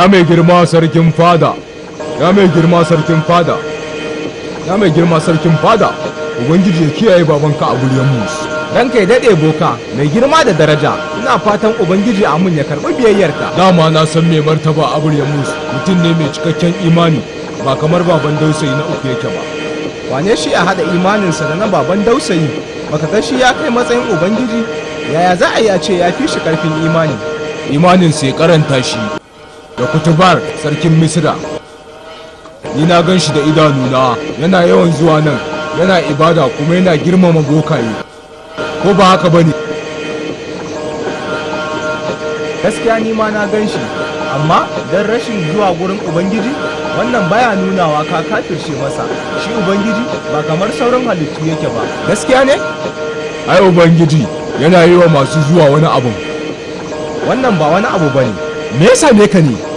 ya mai girma sarkin fada ya mai girma sarkin fada ya mai girma sarkin fada ubangiji ya kiyaye babanka a guryen Dan ranka ya daɗe boka mai girma da daraja ina fatan ubangiji amin ya karɓi biyayyarka dama na san mai martaba a guryen Mus mutum ne mai cikakken imani ba kamar baban dausayi na uku yake ba wane shi a haɗa imaninsa da na baban dausayi baka ga shi ya kai matsayin ubangiji yaya za a yi a ce ya fi shi karfin imani Imaninsa ya karanta shi kutubar sarkin misira ni na gan shi da idanu idanuna yana yawan zuwa nan yana ibada kuma yana girmama bokaye ko ba haka ba ne gaskiya ni ma na gan shi amma don rashin zuwa gurin ubangiji wannan baya nunawa ka kafirce masa shi ubangiji ba kamar sauran halittu yake ba gaskiya ne ai ubangiji yana yi wa masu zuwa wani abu wannan ba wani abu ba ne me yasa ne ka ne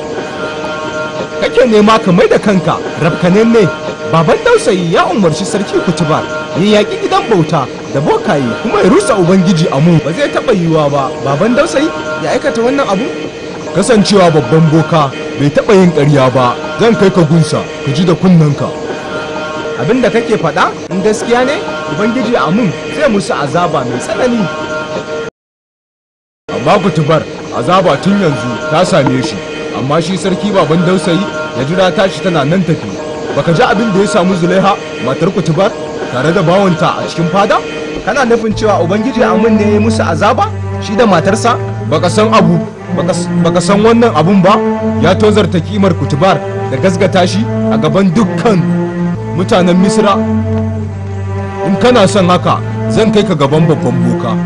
kake nema ka mai da kanka rafkanen ne baban dausayi ya umarci sarki kutubar ya yaƙi gidan bauta da bokaye kuma ya rusa ubangiji a mu ba zai taɓa yiwuwa ba baban dausayi ya aikata wannan abu kasancewa babban boka bai taɓa yin ƙarya ba zan kai ka gunsa ka ji da kunnanka abin da kake faɗa in gaskiya ne ubangiji a mun zai musu azaba mai tsanani amma kutubar azaba tun yanzu ta same shi amma shi sarki baban dausayi ya jira tashi tana nan tafi baka ji abin da ya samu zulaiha matar kutubar tare da bawanta a cikin fada kana nufin cewa ubangiji amin ne ya yi musu azaba shi da matarsa baka san abu baka san wannan abun ba ya tozarta kimar kutubar da gasgata shi a gaban dukkan mutanen misra in kana son haka zan kai ka gaban babban boka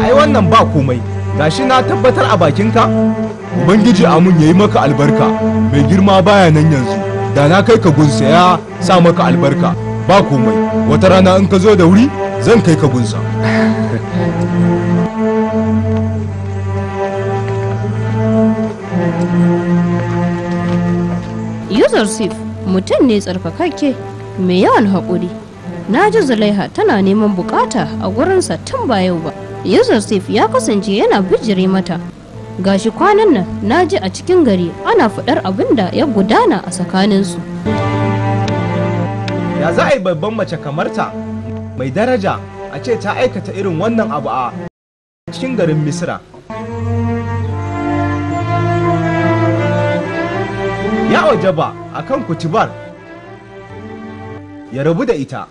ai wannan ba komai gashi na tabbatar a bakinka ubangiji amun ya yi maka albarka mai girma baya nan yanzu da na kai ka gunsa ya sa maka albarka ba komai wata rana in ka zo da wuri zan kai ka gunsa Yusuf Sif mutum ne tsarkakakke mai yawan haƙuri. Na ji Zulaiha tana neman bukata a gurinsa tun ba yau ba. Yusuf Sif ya kasance yana bijire mata gashi kwanan nan na ji a cikin gari ana faɗar abin da ya gudana a tsakaninsu ya za a yi babban mace kamar ta mai daraja a ce ta aikata irin wannan abu a cikin garin misira ya ba, a kan kutubar ya rabu da ita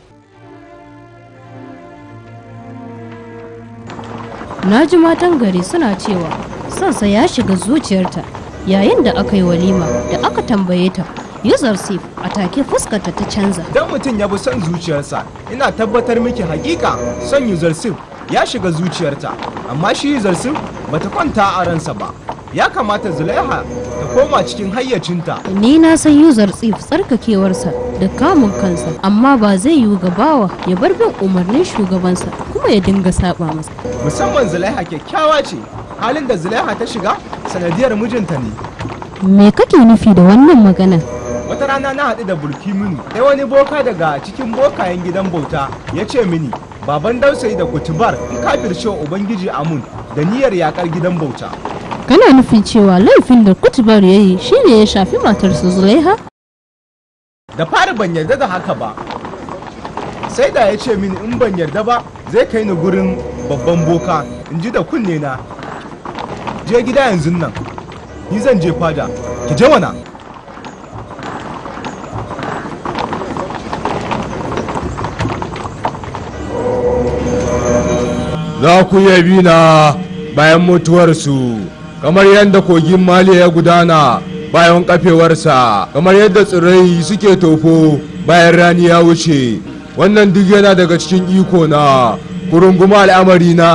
na ji matan gari suna cewa sansa ya shiga zuciyarta yayin da aka yi walima da aka tambaye ta yuzar sif a take fuskarta ta canza Idan mutum ya bi son zuciyarsa ina tabbatar miki hakika son yuzar sif ya shiga zuciyarta amma shi yuzar sif bata kwanta a ransa ba ya kamata zulaiha ta koma cikin hayyacinta ni na san yuzar tsif tsarkakewarsa da kamun kansa amma ba zai yiwu gabawa ya bar bin umarnin shugabansa kuma ya dinga saba masa musamman zulaiha kyakkyawa ce halin da zulaiha ta shiga sanadiyar mijinta ne me kake nufi da wannan magana wata rana na haɗu da burki mini sai wani boka daga cikin bokayen gidan bauta ya ce mini baban dausayi da kutubar cewa ubangiji amun da niyyar yakar gidan bauta kana nufin cewa laifin da kutubar ya yi shine ya shafi su zulaiha da fari ban yarda da haka ba sai da ya ce mini in ban yarda ba zai kai ni gurin babban boka in ji da kunne na je gida yanzu nan ni zan je fada ki je mana za ku iya bi na bayan mutuwarsu kamar yadda kogin Maliya ya gudana bayan kafewarsa kamar yadda tsirrai suke tofo bayan rani ya wuce wannan duk yana daga cikin iko na kurunguma al'amari na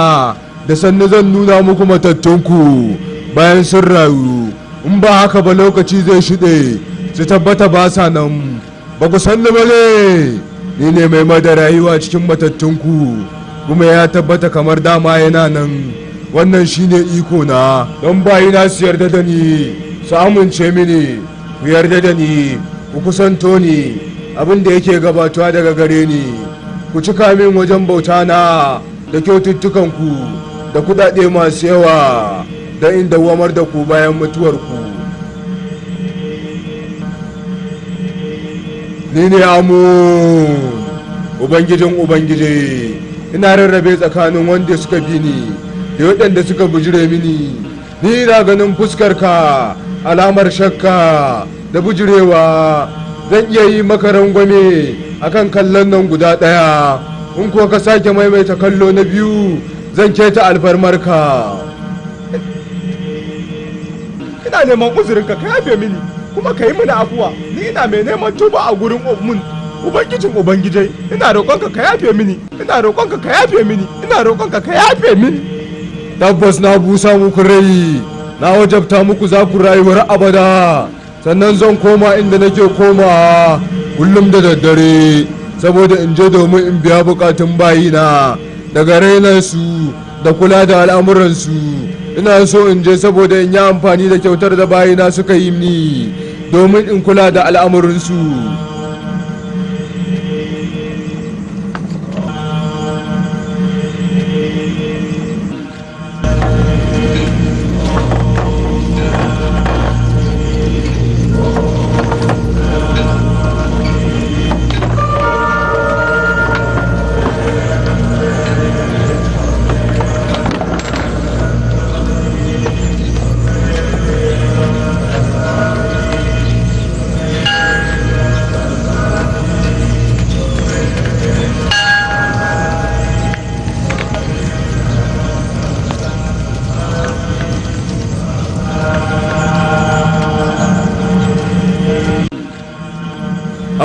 da sannu zan nuna muku matattunku bayan sun rayu in ba haka ba lokaci zai shiɗe su tabbata ba sa nan ba ku sannu ba ne ni ne mai mada rayuwa cikin matattunku kuma ya tabbata kamar dama yana nan wannan shine iko na don bayina su yarda da ni su amince mini ku yarda da ni ku kusanto ni abin da yake gabatuwa daga gare ni ku cika min wajen bauta na da kyaututtukanku da kudade masu yawa don inda wamar da ku bayan mutuwarku ni ne amu ubangijin ubangiji ina rarrabe tsakanin wanda suka bi ni da waɗanda suka bujire mini ni na ganin fuskar ka, alamar shakka da bujirewa zan iya yi maka rangwame kan kallon nan guda ɗaya in kuwa ka sake maimaita kallo na biyu zan alfarmar ka. ina neman uzurin ka mini kuma ka yi mini afuwa ni ina mai neman tuba a gurin mun ubangijin ubangijai ina roƙon ka yafe mini ina roƙon ka yafe mini ina roƙon ka yafe mini tabbas na busa muku rai na wajabta muku za ku rayuwar abada sannan zan koma inda nake koma kullum da daddare saboda in je domin in biya bukatun bayina daga rainarsu da kula da al'amuransu ina so in je saboda in yi amfani da kyautar da bayina suka yi ni domin in kula da al'amuransu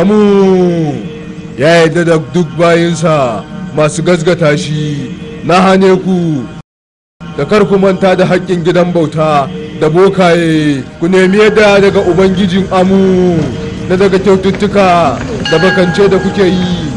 amu ya yarda da duk bayansa masu gazgata shi na hane ku da kar ku manta da haƙƙin gidan bauta da bokaye ku nemi yadda daga ubangijin amu na daga kyaututtuka da bakance da kuke yi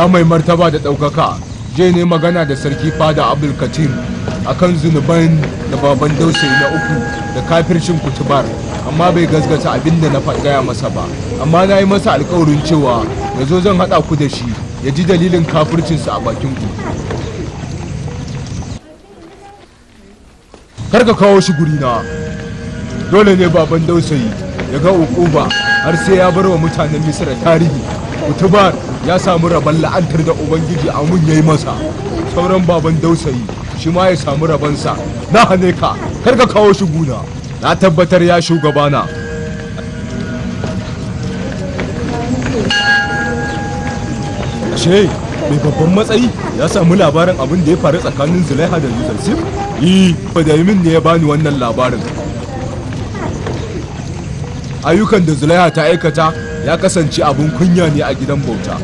ya mai martaba da ɗaukaka je ne magana da sarki fada abdul katim kan zunuban da baban dausayi na uku da kafircin kutubar amma bai gasgata abin da na gaya masa ba amma na yi masa alkawarin cewa ya zo zan haɗa ku da shi ya ji dalilin kafircinsa a bakin ku kar ka kawo shi guri na dole ne baban dausayi ya ga ba har sai ya bar wa mutanen misira tarihi utubar ya samu rabon la'antar da ubangiji amun ya yi masa sauran baban dausayi shi ma ya samu rabonsa na hane ka kar ka kawo shi guna na tabbatar ya shugabana ashe mai babban matsayi ya samu labarin abin da ya faru tsakanin zulaiha da yusuf eh, yi fadayimin ne ya bani wannan labarin ayyukan da zulaiha ta aikata ya kasance abin kunya ne a gidan bauta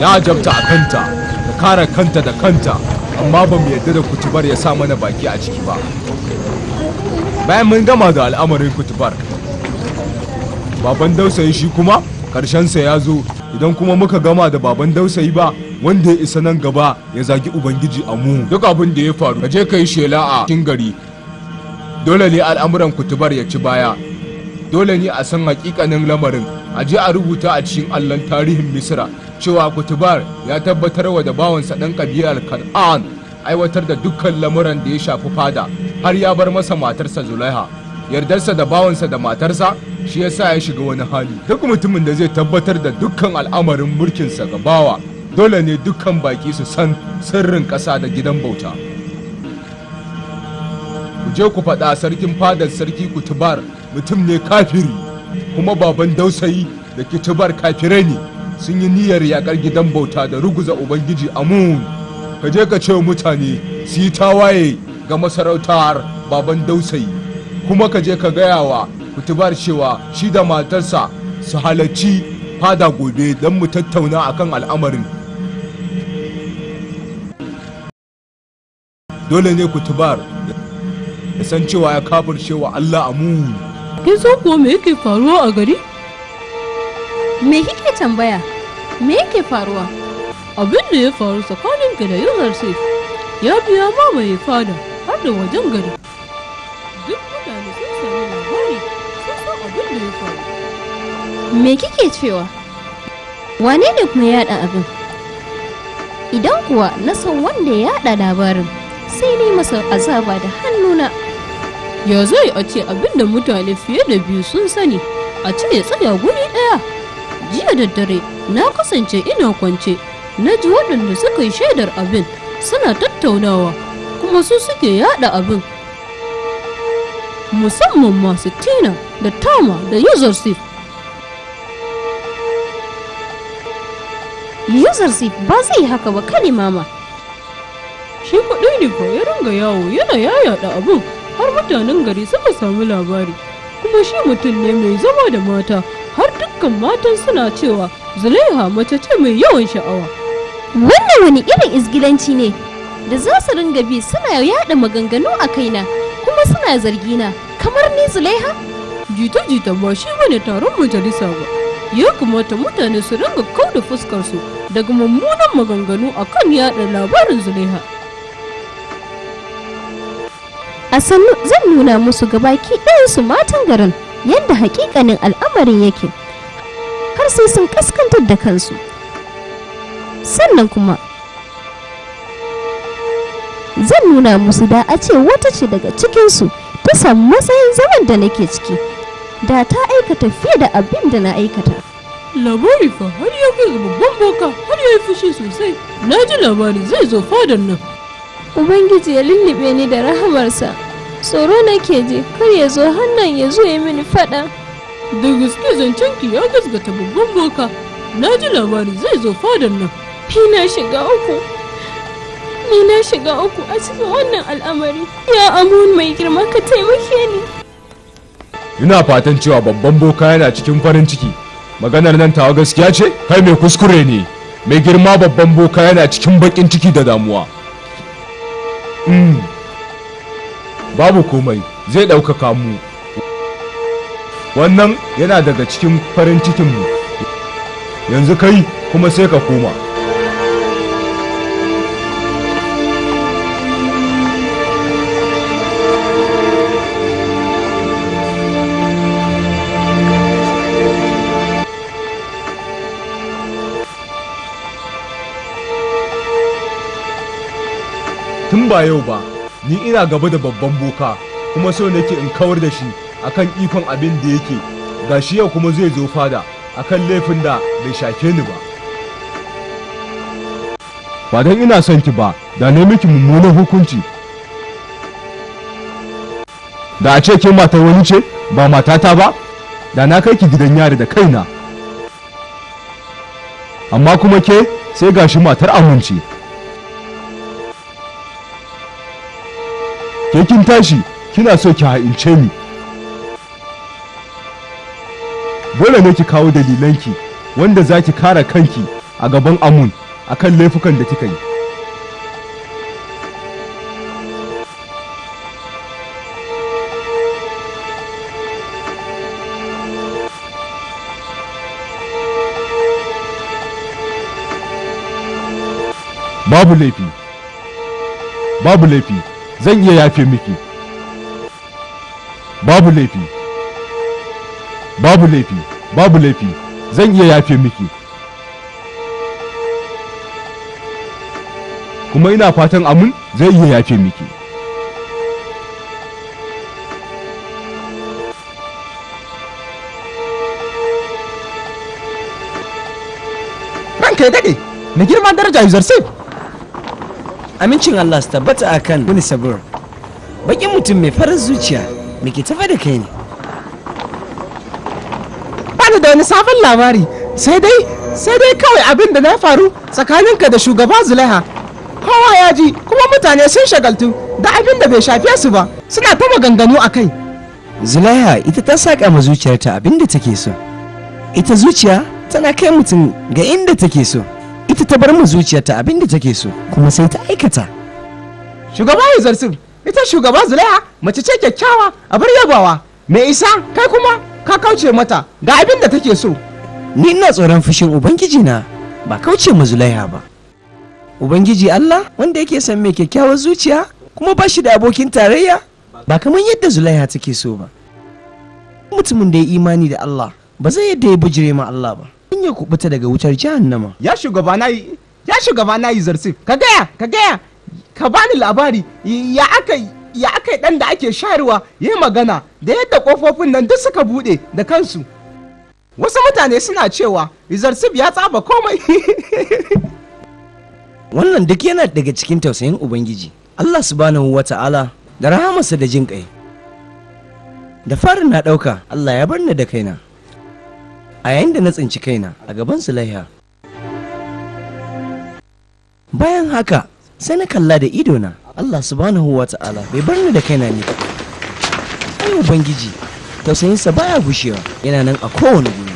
ya ajabta a kanta da kare kanta da kanta amma ba mu yarda da kutubar ya sa mana baki a ciki ba bayan mun gama da al'amarin kutubar baban dausayi shi kuma karshensa ya zo idan kuma muka gama da baban dausayi ba wanda ya isa nan gaba ya zagi ubangiji a mu duk abin da ya faru je ka shela a cikin gari dole ne al'amuran kutubar ya ci baya dole ne a san hakikanin lamarin a je a rubuta a cikin allon tarihin misira cewa kutubar ya tabbatar wa da bawansa ɗan ƙabilar kan'an aiwatar da dukkan lamuran da ya shafi fada har ya bar masa matarsa zulaiha yardarsa da bawansa da matarsa shi ya sa ya shiga wani hali duk mutumin da zai tabbatar da dukkan al'amarin mulkinsa ga bawa dole ne dukkan baki su san sirrin ƙasa da gidan bauta ku je ku faɗa sarkin fadar sarki kutubar mutum ne kafiri kuma baban dausayi da kitibar kafirai ne sun yi niyyar yakar gidan bauta da ruguza ubangiji amun ka je ka ce mutane su yi tawaye ga masarautar baban dausayi kuma ka je ka gaya wa kutubar cewa shi da matarsa su halarci fada gobe don mu tattauna akan al'amarin dole ne kutubar ya san cewa ya kafar cewa allah amun kin san kuwa me yake faruwa a gari me kike tambaya me yake faruwa abin da ya faru tsakanin ka da yin sai ya biya mamaye fada har da wajen gari duk mutane sun sami labari sun san abin da ya faru me kike cewa wane ne kuma yada abin idan kuwa na san wanda ya yaɗa labarin sai ni masa azaba da hannuna ya zai a ce abinda mutane fiye da biyu sun sani a ce ya tsaya guri daya? jiya da dare na kasance ina kwance na ji waɗanda suka yi shaidar abin suna tattaunawa kuma su suke yada abin musamman masu tina da tama da yuzarsif yuzarsif ba zai haka ba kane mama shi kuɗi ne ba ya ringa yawo yana da abin har mutanen gari suka samu labari kuma shi mutum ne mai zama da mata har dukkan matan suna cewa zulaiha mace ce mai yawan sha'awa wannan wani irin izgilanci ne da za su ringa bi suna yada maganganu a kaina kuma suna na kamar ni zulaiha jita-jita ba shi bane taron majalisa ba ya kamata mutane su ringa kau da fuskarsu daga mummunan maganganu akan yada labarin zulaiha a sannu zan nuna musu gabaki su matan garin yadda hakikanin al'amarin yake har sai sun kaskantar da kansu sannan kuma zan nuna musu da a ce wata ce daga cikinsu ta samu matsayin zaman da nake ciki da ta aikata fiye da abin da na aikata labari fa har ya kai babban boka har ya yi fushi sosai na ji labari zai zo fadar nan ubangiji ya lullube ni da rahamarsa tsoro nake ji kar ya zo hannun ya zo ya mini faɗa da gaske zancenki ya gasgata babban boka na ji labari zai zo fadan nan ni na shiga uku ni na shiga uku a cikin wannan al'amari ya amun mai girma ka taimake ni ina fatan cewa babban boka yana cikin farin ciki maganar nan tawa gaskiya ce kai mai kuskure ne mai girma babban boka yana cikin baƙin ciki da damuwa Hmm. babu komai zai ɗaukaka mu wannan yana daga cikin farin cikinmu yanzu kai kuma sai ka koma ba yau ba ni ina gaba da babban boka kuma so nake in kawar da shi akan ikon abin da yake ga shi yau kuma zai zo fada akan laifin da bai shake ni ba ba don ina son ki ba da ne miki mummunan hukunci da a ce ke matar wani ce ba matata ba da na kai ki gidan yari da kaina amma kuma ke sai gashi matar amince ke kin tashi kina so ki ha'ince ni dole ne ki kawo dalilanki wanda za ki kare kanki a gaban amun akan laifukan da kika yi babu laifi babu laifi zan iya yafe miki babu laifi babu laifi babu laifi zan iya yafe miki kuma ina fatan amin zai iya yafe miki ranka ya daɗe na girma daraja yuzar sai amincin Allah su tabbata a kan wani sabur bakin mutum mai farin zuciya mai ke tafa da kai ne bani da wani sabon labari sai dai sai dai kawai abin da na faru tsakaninka da shugaba zulaiha kowa ya ji kuma mutane sun shagaltu da abin da bai shafe su ba suna ta maganganu a kai zulaiha ita ta saƙa ma zuciyarta abin da take so ita zuciya tana kai mutum ga inda take so ita ta bar mu zuciyarta abin da take so kuma sai ta aikata shugaba ya zarsin ita shugaba zulaiha mace ce kyakkyawa a bar yabawa mai isa kai kuma ka kauce mata ga abin da take so ni ina tsoron fushin ubangiji na ba kauce ma zulaiha ba ubangiji allah wanda yake san mai kyakkyawar zuciya kuma ba shi da abokin tarayya ba kamar yadda zulaiha take so ba mutumin da ya imani da allah ba zai yadda ya bujire ma allah ba in ya kubuta daga wutar jahannama ya shugaba na yi ya shugaba na yi zarsif ka gaya ka gaya ka bani labari ya aka ya dan da ake shayarwa yi magana da yadda kofofin nan duk suka bude da kansu wasu mutane suna cewa izarsif ya tsaba komai wannan duk yana daga cikin tausayin ubangiji allah subhanahu wa ta'ala da rahamarsa da jin kai da farin na ɗauka allah ya bar ni da kaina a yayin da na tsinci kaina a gaban su laiha bayan haka sai na kalla da idona Allah subhanahu wa ta'ala bai bar ni da kaina ne ai ubangiji tausayinsa baya gushewa yana nan a kowane guri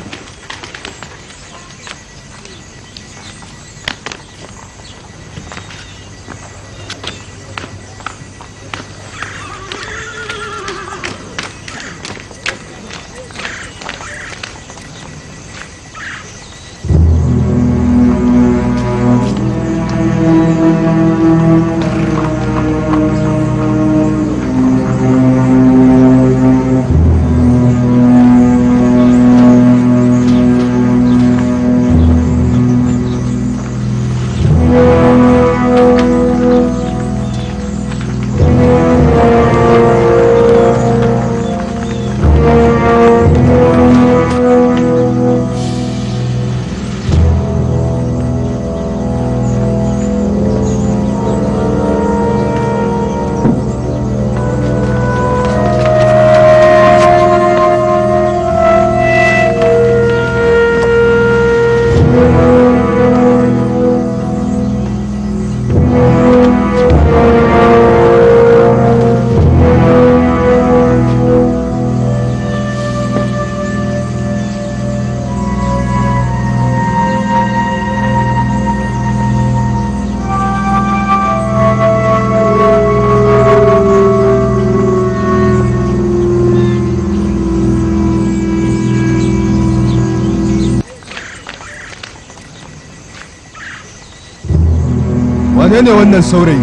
wannan saurayi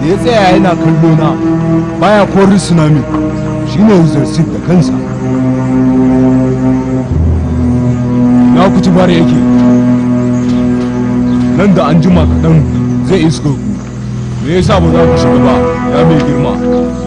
da ya tsaya yana kallo na baya ko tsunami shine zarsit da kansa na kuci bari yake nan da an jima kaɗan zai iska ku me yasa ba za ku shiga ba ya mai girma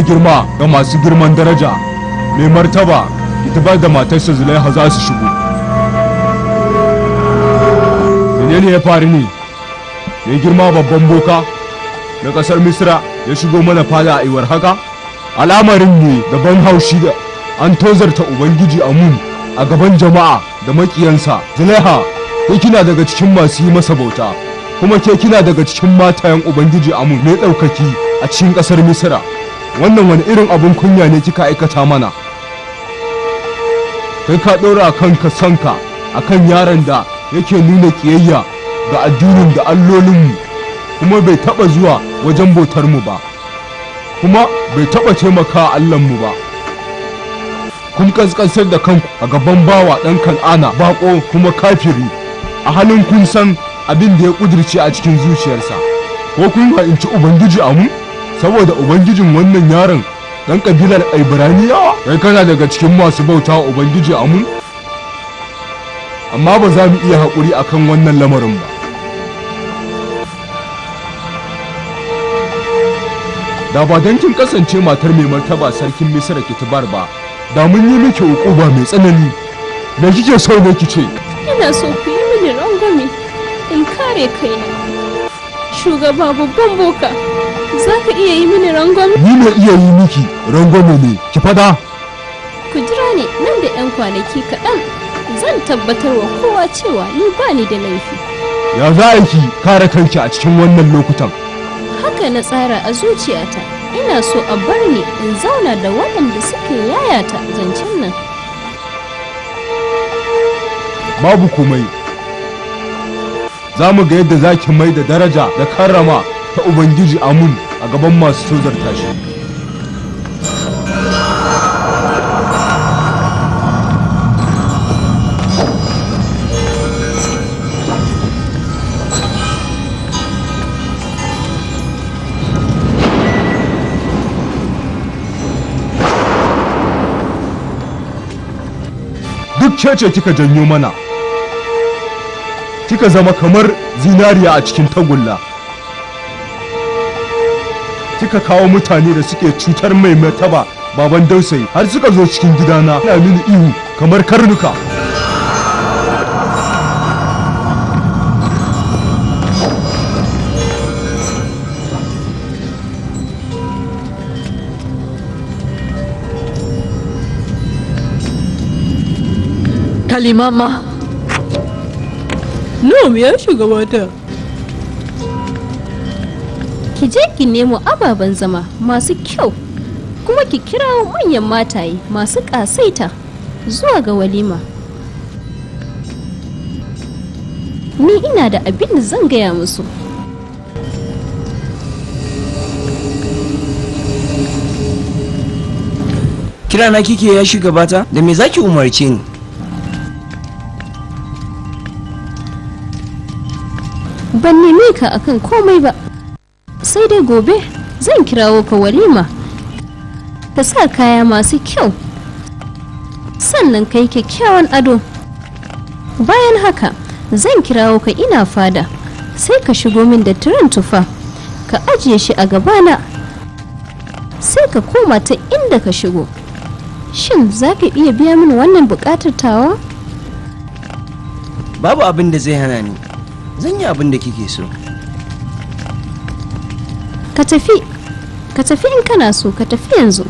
mai girma da masu girman daraja mai martaba itibar da matarsa zulaiha za su shigo menene ya faru ne mai girma babban boka na ƙasar misra ya shigo mana fada a iwar haka al'amarin ne da ban haushi da an tozarta ubangiji amun a gaban jama'a da makiyansa zulaiha ke kina daga cikin masu yi masa bauta kuma ke kina daga cikin matayen ubangiji amun mai ɗaukaki a cikin ƙasar misra wannan wani irin abun kunya ne kika aikata mana kai ka ɗora kanka sanka kan yaron da yake nuna ƙiyayya ga addinin da allolinmu kuma bai taɓa zuwa wajen bautar mu ba kuma bai taɓa taimaka mu ba kun ƙasƙantar da kanku a gaban bawa ɗan kan'ana baƙo kuma kafiri a halin kun san abin da ya ƙudirce a cikin zuciyarsa ko kun in ci ubangiji a mu saboda ubangijin wannan yaron dan kabilar ibraniya kai kana daga cikin masu bauta wa ubangiji amun amma ba za mu iya haƙuri a kan wannan lamarin ba da ba don kin kasance matar mai martaba sarkin misira kitibar ba da mun yi miki ba mai tsanani me kike so ne ki ce ina so ku yi mini rangwame in kare kaina shugaba babban boka Za ka iya yi mini rangon? Ni mai iya yi miki rangon ne, ki fada. Ku jira ne nan da 'yan kwanaki kaɗan zan tabbatar wa kowa cewa ni ba ni da laifi. Ya za a yi kare kanki a cikin wannan lokutan? Haka na tsara a zuciyata, ina so a bar ni in zauna da waɗanda suke yayata zancen nan. Babu komai, za mu ga yadda za ki mai da daraja da karrama ta ubangiji amun a gaban masu sozar tashi duk cece kika janyo mana kika zama kamar zinariya a cikin tagulla kika kawo mutane da suke cutar mai martaba baban dausayi har suka zo cikin gidana ina mini ihu kamar karnuka kalimama no ya wata. ki je ki nemo ababen zama masu kyau kuma ki kira manyan mataye masu ƙasaita zuwa ga walima ni ina da abin da zan gaya musu kira na kike ya shiga bata da me zaki umarce ni ban neme ka akan komai ba dai gobe zan kirawo ka walima ka sa kaya masu kyau sannan kai kyakkyawan ado bayan haka zan kirawo ka ina fada sai ka shigo min da tirin tufa ka ajiye shi a gabana sai ka koma ta inda ka shigo shin za ka iya biya min wannan bukatar tawa babu abin da zai hana ni zan yi abin da kike so ka tafi ka tafi in kana so ka tafi yanzu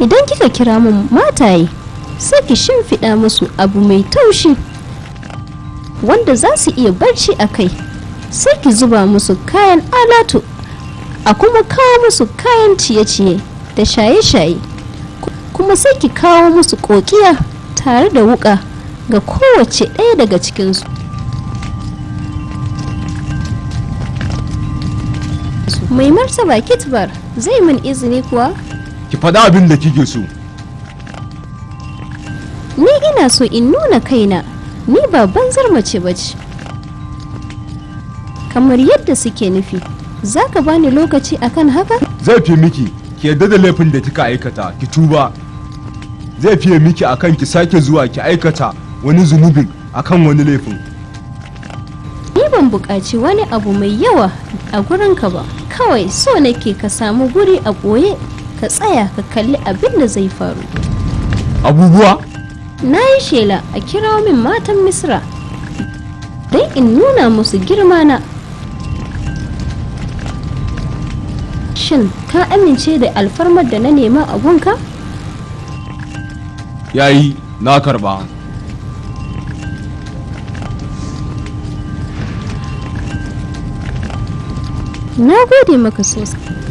idan kika kira mun mataye sai ki shimfiɗa musu abu mai taushi wanda za su iya barci a kai sai ki zuba musu kayan alatu a kuma kawo musu kayan ciye-ciye da shaye-shaye kuma sai ki kawo musu kokiya tare da wuka ga kowace ɗaya daga cikinsu mai martaba kitbar zai min izini kuwa ki faɗa abin da kike so ni ina so in nuna kaina ni ba banzar mace bace kamar yadda suke nufi za ka bani lokaci akan haka zai fi miki ki yadda da laifin da kika aikata ki tuba zai fiye miki akan ki sake zuwa ki aikata wani zunubin akan wani laifin ni ban buƙaci wani abu mai yawa a gurinka ba kawai so nake ka samu guri a goye ka tsaya ka kalli abin da zai faru abubuwa na yi shela a kirawo min matan misra don in nuna musu girma na. shin ka amince da alfarmar da na nema a gunka yayi na karba na gode maka sosai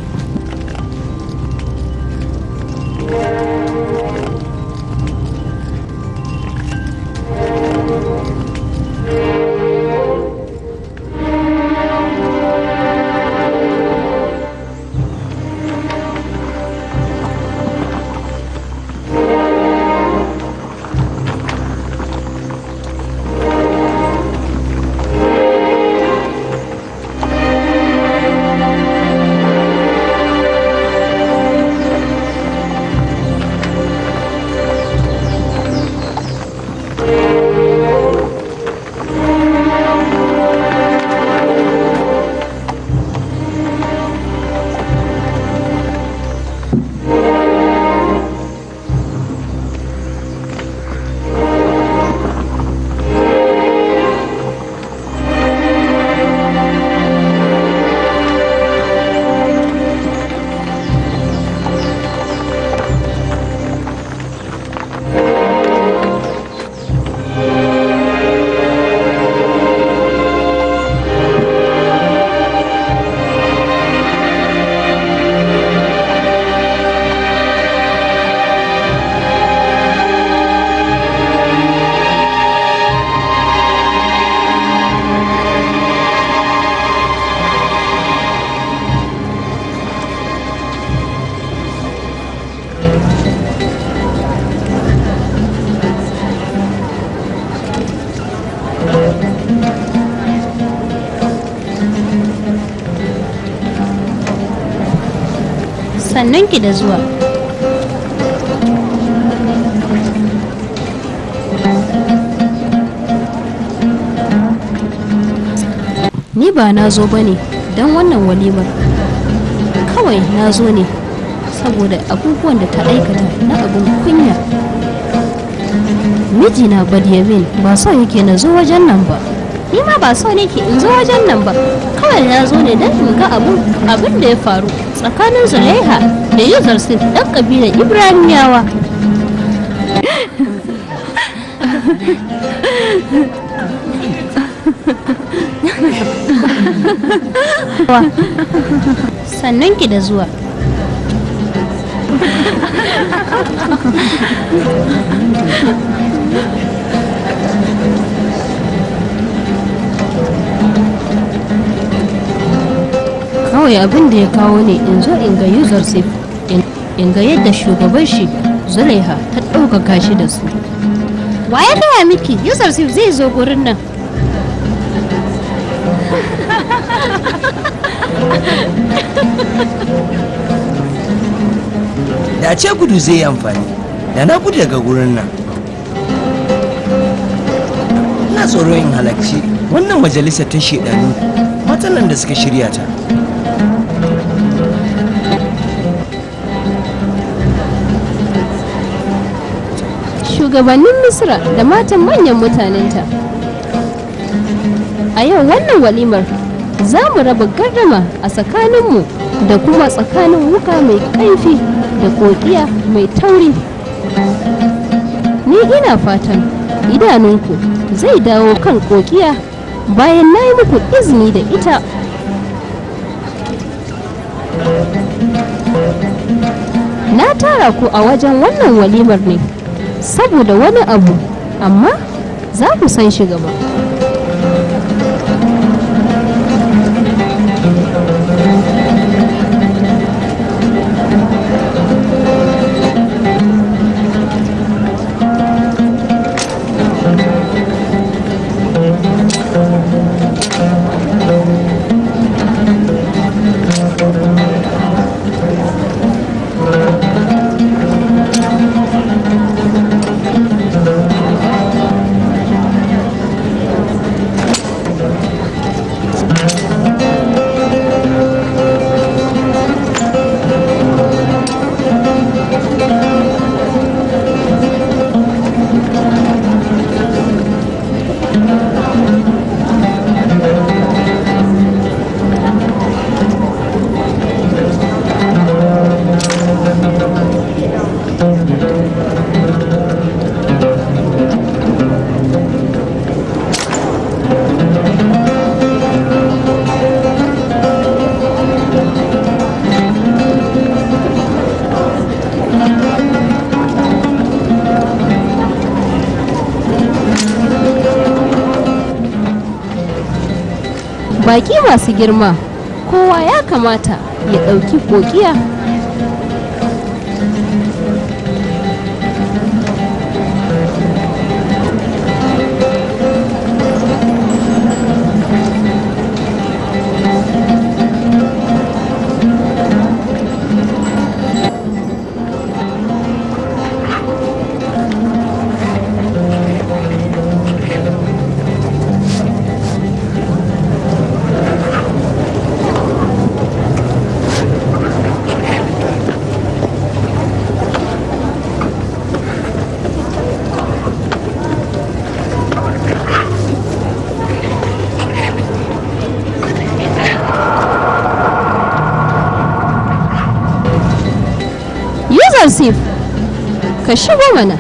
da zuwa ni ba na zo ba ne don wannan walimar kawai na zo ne saboda abubuwan da ta aikata na abin kunya mijina Badiyamin ba so yake na zo wajen nan ba ni ma ba so nake in zo wajen nan ba kawai na zo ne don in ga abin da ya faru tsakanin zulaiha da yuzar sin ɗan kabilar ibrahimiyawa sannan ki da zuwa kawai abin da ya kawo ne in zo in ga user safe in ga yadda shugaban shi zulaiha ta ɗaukaka shi da su wa ya gaya miki user safe zai zo gurin nan da ce gudu zai yi amfani da na gudu daga gurin nan na tsoron yin halarci wannan majalisar ta shaidanu matsalan da suka shirya ta shugabannin misra da matan manyan mutanenta a yau wannan walimar za mu raba gardama a tsakaninmu da kuma tsakanin wuka mai kaifi da kokiya mai tauri ni ina fatan idanunku zai dawo kan kokiya bayan na yi muku izini da ita na tara ku a wajen wannan walimar ne saboda wani abu amma za ku san shi gaba. Baki masu girma kowa ya kamata ya ɗauki ƙoƙiya نصيب كشفوا منا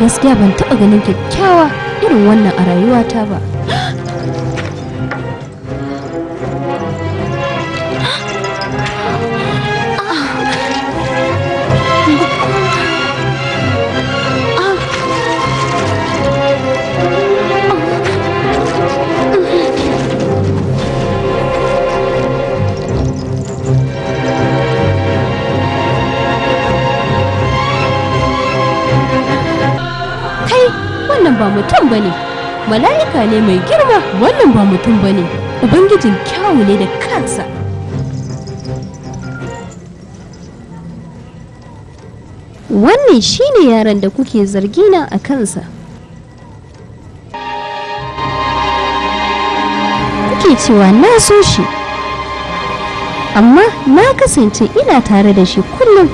gaskiya ban taɓa ganin kyakkyawa irin wannan a rayuwata ba ba mutum ba ne mala'ika ne mai girma wannan ba mutum ba ne ubangijin kyawu ne da kansa wannan shine yaran da kuke zargina a kansa kuke cewa na so shi amma na kasance ina tare da shi kullum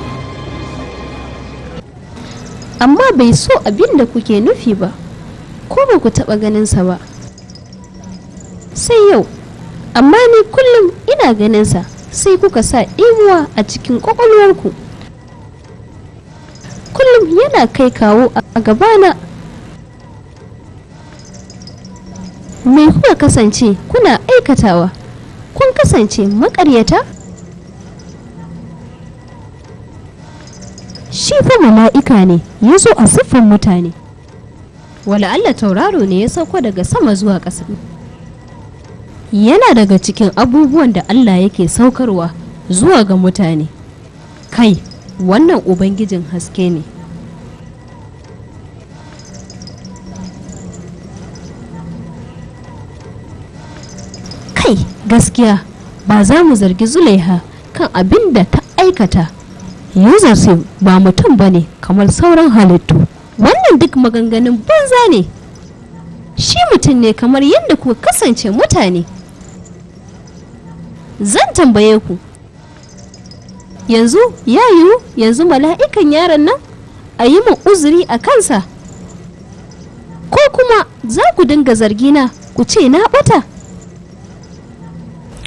amma bai so abin da kuke nufi ba ko ba ku taɓa ganinsa ba sai yau amma ni kullum ina ganinsa sai kuka sa imuwa a cikin ƙwaƙwalwarku kullum yana kai kawo a gabana me kuka kasance kuna aikatawa kun kasance maƙaryata shi fa mala'ika ne ya zo a siffan mutane wala Allah tauraro ne ya sauko daga sama zuwa ƙasa yana daga cikin abubuwan da Allah yake saukarwa zuwa ga mutane kai wannan ubangijin haske ne kai gaskiya ba za mu zargi zulaiha kan abin da ta aikata yuzarsu ba mutum ba ne kamar sauran halittu wannan duk maganganun banza ne shi mutum ne kamar yadda kuka kasance mutane zan tambaye ku yanzu ya yiwu yanzu mala'ikan yaron nan a yi min uzuri a kansa ko kuma za ku dinga na, ku ce na bata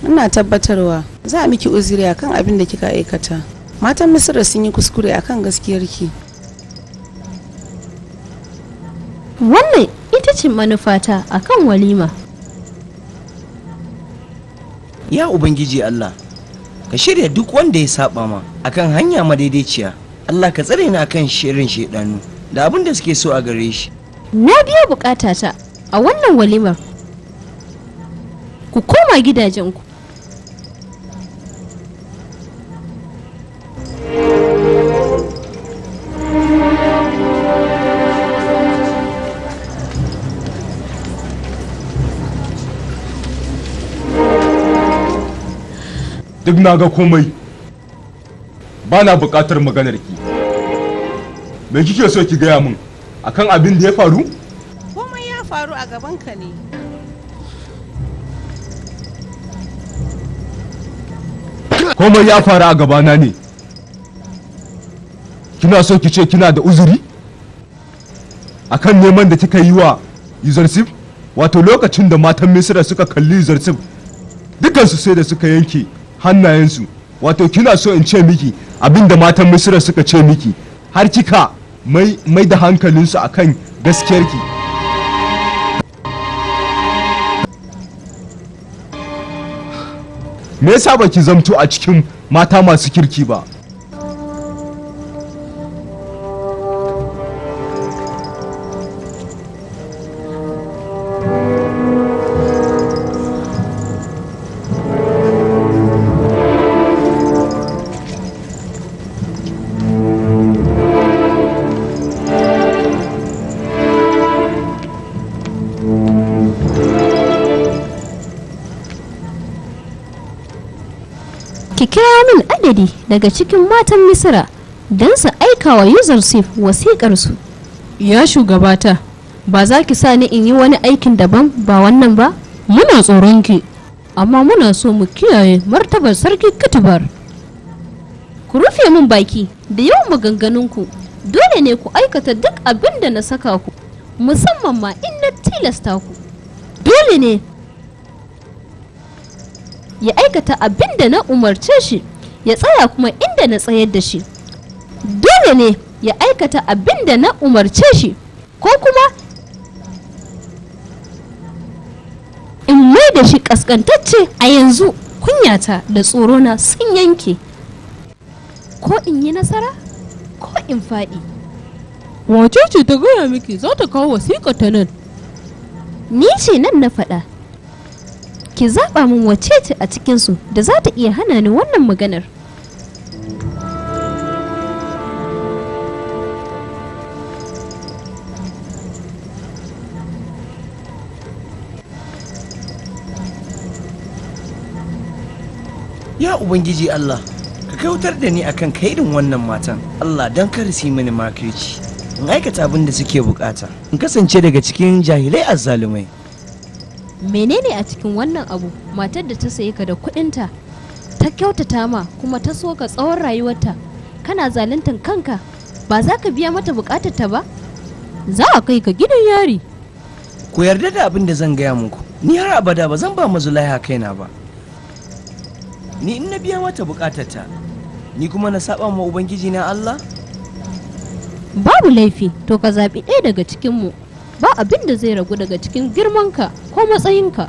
ina tabbatarwa za a miki uzuri akan abin da kika aikata matan misira sun yi kuskure akan gaskiyarki wannan ita ce manufata a kan walima ya ubangiji allah ka shirya duk wanda ya saba ma akan hanya madaidaiciya allah ka tsare ni kan shirin shaidanu da abin da suke so a gare shi na biya bukatata a wannan walimar ku koma gidajenku duk na ga komai ba na buƙatar maganar ki me kike so ki gaya min akan abin da ya faru komai ya faru a gaban ka ne komai ya faru a gabana ne kina so ki ce kina da uzuri akan neman da kika yi wa yuzarsif wato lokacin da matan misira suka kalli yuzarsif dukansu sai da suka yanke hannayensu wato kina so in ce miki abinda matan misira suka ce miki har kika mai da hankalinsu a akan gaskiyarki me yasa baki zamto a cikin mata masu kirki ba kirawo min adadi daga cikin matan misira don su aika wa yuzar sif wasiƙar su ya shugabata ba za ki sa ni in yi wani aikin daban ba wannan ba muna tsoron ki amma muna so mu kiyaye martabar sarki katabar ku rufe min baki da yawan maganganunku dole ne ku aikata duk abin da na saka ku musamman ma in na tilasta ku dole ne ya aikata abin da na umarce shi ya tsaya kuma inda na tsayar da shi dole ne ya aikata abin da na umarce shi ko kuma in mai da shi kaskantacce a yanzu kunyata da tsorona sun yanke ko in yi nasara ko in faɗi wace ce ta gaya miki za ta kawo wasiƙa ta nan ni ce nan na faɗa ke zaɓa min wace ce a cikinsu da za ta iya hana ni wannan maganar ya ubangiji allah ka kautar da ni akan kaidin wannan matan allah don kar su yi mini makirci in aikata abin da suke bukata in kasance daga cikin jahilai azzalumai menene a cikin wannan abu matar da ta sayi ka da kuɗinta ta kyautata ma kuma ta so ka tsawon rayuwarta kana zaluntan kanka ba za ka biya mata bukatarta ba za a kai ka gidan yari ku yarda da abin da zan gaya muku ni har abada ba zan ba mazulaiha kaina ba ni in na biya mata bukatarta ni kuma na saba ma ubangiji na Allah babu laifi to ka zaɓi ɗaya daga cikinmu ba abin da zai ragu daga cikin girmanka ko matsayinka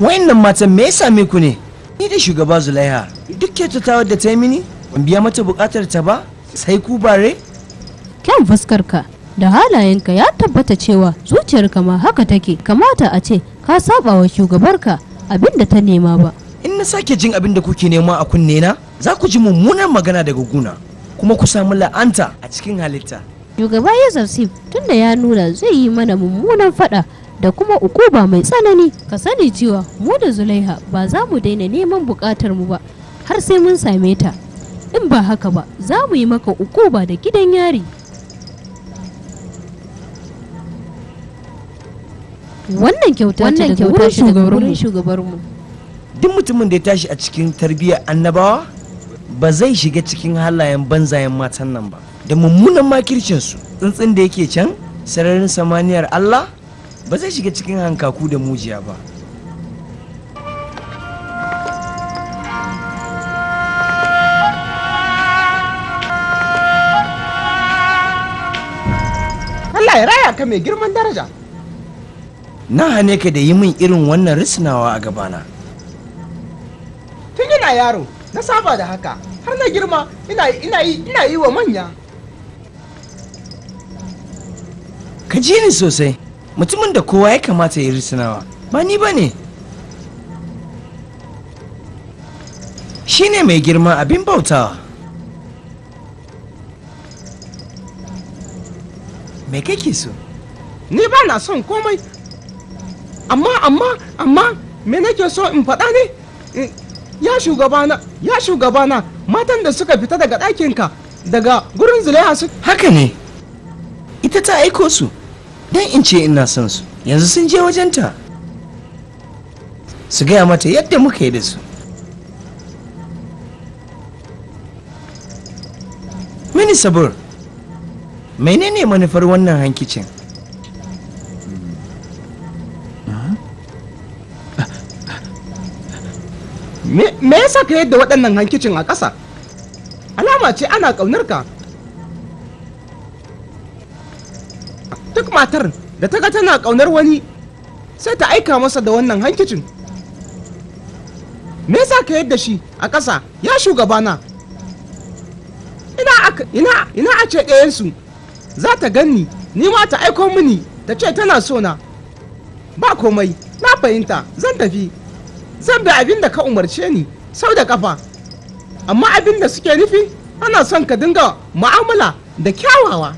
wayannan matan me ya same ku ne ni da shugaba zulaiha duk kyautatawar da ta yi mini ban biya mata bukatar ta ba sai ku bare kyan fuskarka da halayenka ya tabbata cewa zuciyarka ma haka take kamata a ce ka saba wa shugabarka abin da ta nema ba in na sake jin abin da kuke nema a kunne na za ku ji mummunan magana daga guna kuma ku samu la'anta a cikin halitta shugaba tun tunda ya nuna zai yi mana mummunan fada da kuma ukuba mai tsanani ka sani cewa mu da zulaiha ba za mu daina neman bukatar mu ba har sai mun same ta in ba haka ba za mu yi maka ukuba da gidan yari wannan kyauta ce daga wurin shugabarmu duk mutumin da ya tashi a cikin tarbiyyar annabawa ba zai shiga cikin halayen banzayen matan nan ba da mummunan su tsuntsun da yake can sararin samaniyar allah ba zai shiga cikin hankaku da mujiya ba Allah ya raya ka mai girman daraja na hane ka da yi min irin wannan risnawa a gabana tun yana yaro na saba da haka har na girma ina yi wa manya ka ji ni sosai mutumin da kowa ya kamata ya risinawa ba ni ba ne shi ne mai girma abin bautawa me kake so ni ba na son komai amma amma amma me nake so in faɗa ne ya shugabana ya shugabana matan da suka fita daga ɗakinka daga gurin zulaiha su haka ne ita ta aiko su dan in ce ina son su yanzu sun je wajenta su gaya mata yadda muka yi da su mini sabur menene manufar wannan hankicin me yasa ka yadda waɗannan hankicin a ƙasa alama ce ana ƙaunar ka duk matar da ta ga tana ƙaunar wani sai ta aika masa da wannan hankicin me yasa ka yadda shi a ƙasa ya shugabana ina a ce ɗayansu za ta ganni ni ma ta aiko mini ta ce tana sona ba komai na fahimta zan tafi zan bi abin da ka umarce ni sau da kafa amma abin da suke nufi ana son ka dinga mu'amala da kyawawa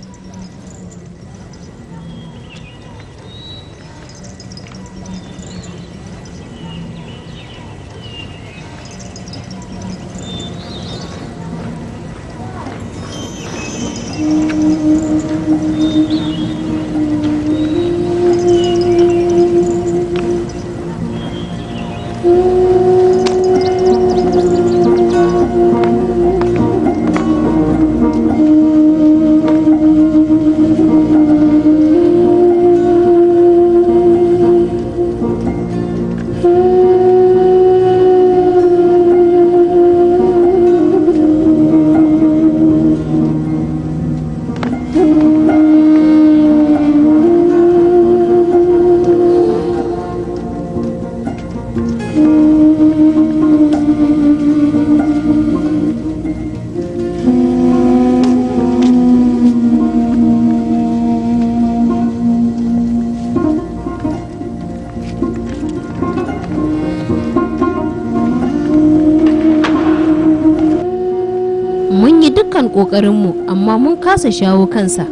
mu amma mun kasa shawo kansa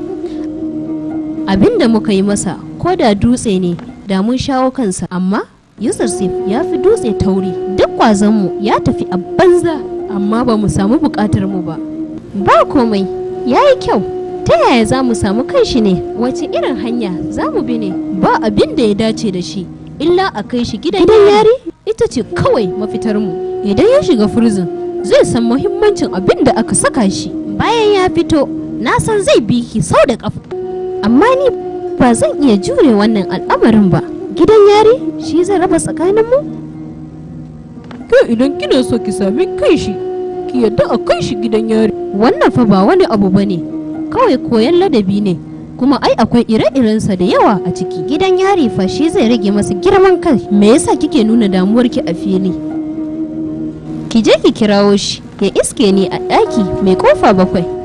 abinda muka yi masa ko da dutse ne da mun shawo kansa amma yusuf ya fi dutse tauri duk mu ya tafi a banza amma ba mu samu buƙatar mu ba ba komai ya yi kyau ta yaya za mu samu kan shi ne wace irin hanya za mu bi ne ba abin da ya dace da shi illa a kai shi gidan yari ita ce kawai mafitarmu idan ya shiga furzin zai san muhimmancin abin da aka saka shi bayan ya fito na san zai bi ki sau da ƙafa amma ni ba zan iya jure wannan al'amarin ba gidan yari shi zai raba tsakaninmu ke idan kina so ki sami kai shi ki yadda a kai shi gidan yari wannan fa ba wani abu bane kawai koyon ladabi ne kuma ai akwai ire-irensa da yawa a ciki gidan yari fa shi zai rage masa girman kai me yasa kike nuna damuwarki a fili ki je ki kirawo shi ya iske ni a ɗaki mai kofa bakwai